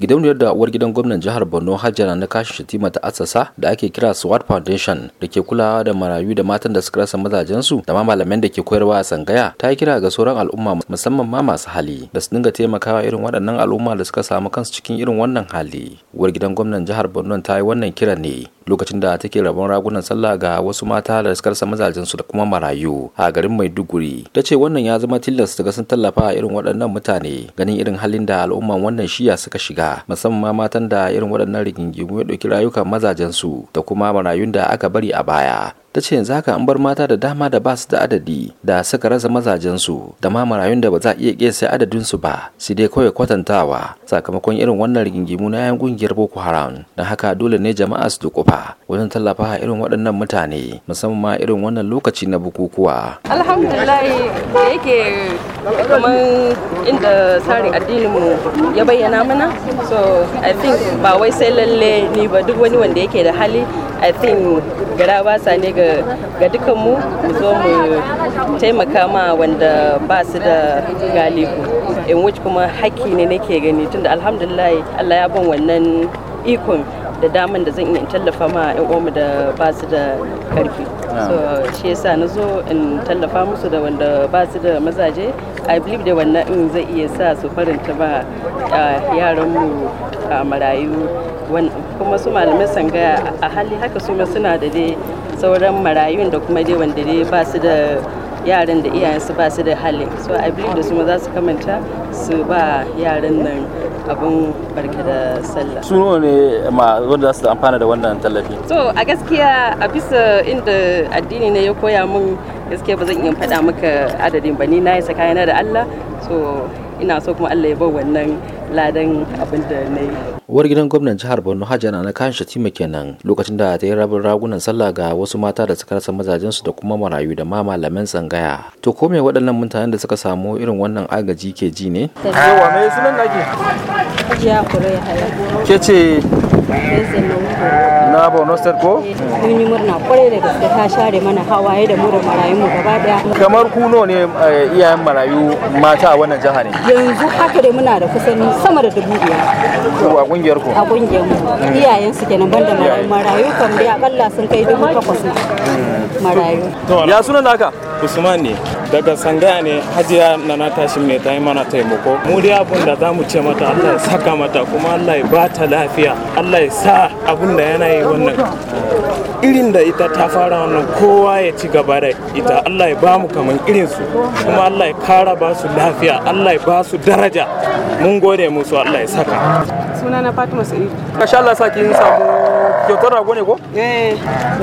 gidauniyar da uwar gidan gwamnan jihar borno hajjara na kashin shatima ta assasa da ake kira swat foundation da ke kulawa da marayu da matan da suka rasa mazajensu da ma malaman da ke koyarwa a sangaya ta yi kira ga sauran al'umma musamman ma masu hali da su dinga taimakawa irin waɗannan al'umma da suka samu kansu cikin irin wannan hali uwar gidan gwamnan jihar borno ta yi wannan kiran ne lokacin da take rabon ragunan sallah ga wasu mata da suka rasa mazajensu da kuma marayu a garin Maiduguri ta ce wannan ya zama tilas daga sun tallafa irin waɗannan mutane ganin irin halin da al'umman wannan shiya suka shiga musamman matan da irin waɗannan rigingimu ya ɗauki rayukan mazajensu da kuma marayun da aka bari a baya ta ce yanzu haka an bar mata da dama da basu da adadi da suka rasa mazajen su da ma marayun da ba za a iya adadin su ba su dai kawai kwatantawa sakamakon irin wannan rigingimu na yan kungiyar boko haram don haka dole ne jama'a su dukufa wajen tallafa irin waɗannan mutane musamman ma irin wannan lokaci na bukukuwa alhamdulillah da yake kamar inda tsarin addininmu ya bayyana mana so i think ba wai sai lalle ni ba duk wani wanda yake da hali i think gara ba sa ne ga dukan mu mu zo mu taimaka ma wanda ba su da galibu in wuce kuma haƙƙi ne nake gani tunda alhamdulillah Allah ya ban wannan ikon da daman da zan iya tallafa ma yan mu da ba su da karfi so shi yasa na zo in tallafa musu da wanda ba su da mazaje i believe da wannan in zai iya sa su faranta ba ah, yaran mu a ah, marayu kuma su malamai sangaya a hali haka su ma suna da dai sauran marayun da kuma dai wanda dai ba su da yaran da iyayensu ba su da hali so i believe da su ma za su kamanta su ba yaran nan abin barka da sallah su ne ma wanda za su amfana da wannan tallafi so a gaskiya a bisa inda addini ne ya koya min gaskiya ba zan iya faɗa maka adadin ba ni na yi tsakanina da Allah so ina so kuma allah ya bar wannan ladan abin da na yi uwar gidan gwamnan jihar borno ana na kan shatima kenan lokacin da ta yi rabin ragunan sallah ga wasu mata da suka rasa su da kuma marayu da ma malaman tsangaya to ko me waɗannan mutanen da suka samu irin wannan agaji ke ji ne yawa mai sunan nake ke ce Aba Nostar ko? Mun yi murna kwarai da gaske ta share mana hawaye da mu da marayu mu gaba daya. Kamar kuno ne eh, iyayen marayu mata a wannan jihar ne? Yanzu haka dai muna da kusan sama da dubu biyar. A kungiyar ku? A kungiyar mu. Iyayen su kenan banda marayu kan kam dai akalla sun kai dubu takwas. marayu ya suna naka usman ne daga sanga ne hajiya na na tashi ne ta yi mana taimako mu dai abun da zamu ce mata Allah ya saka mata kuma Allah ya ba ta lafiya Allah ya sa abun da yana yi wannan irin da ita ta fara wannan kowa ya ci gaba da ita Allah ya ba mu kaman irin su kuma Allah ya kara ba su lafiya Allah ya ba su daraja mun gode musu Allah ya saka sunana Fatima Sa'id masha Allah sa kin samu kyautar rago ne ko? eh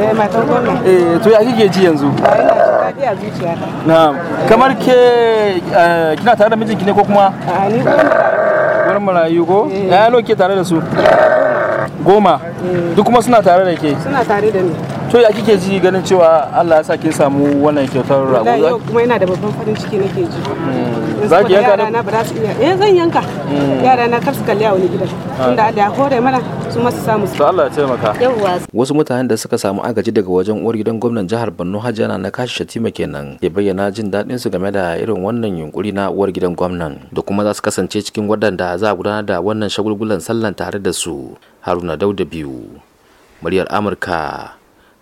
eh matan gwamna eh to ya kike ji yanzu? ina zuciya ta na'am kamar ke eh, kina tare da mijinki ne ko kuma? a ni gwamna marayu ko? Eh. ya yalo ke tare da su? goma eh. duk kuma suna tare da ke? suna tare da ni to ya kike ji ganin cewa Allah ya sa kin samu wannan kyautar rago za kuma yana da babban farin ciki nake ji hmm. za ki yanka na ba za su iya eh zan yanka hmm. yara na kar su kalli a wani gidan ah. tunda Allah ya hore mana su masu samu to Allah ya taimaka yawa wasu mutanen da suka samu agaji daga wajen uwar gidan gwamnan jihar Borno Hajjana na kashi Shatima kenan ke bayyana jin daɗin su game da irin wannan yunkuri na uwar gidan gwamnan da kuma za su kasance cikin waɗanda za a gudanar da wannan shagulgulan sallan tare da su Haruna Dauda biyu muryar Amurka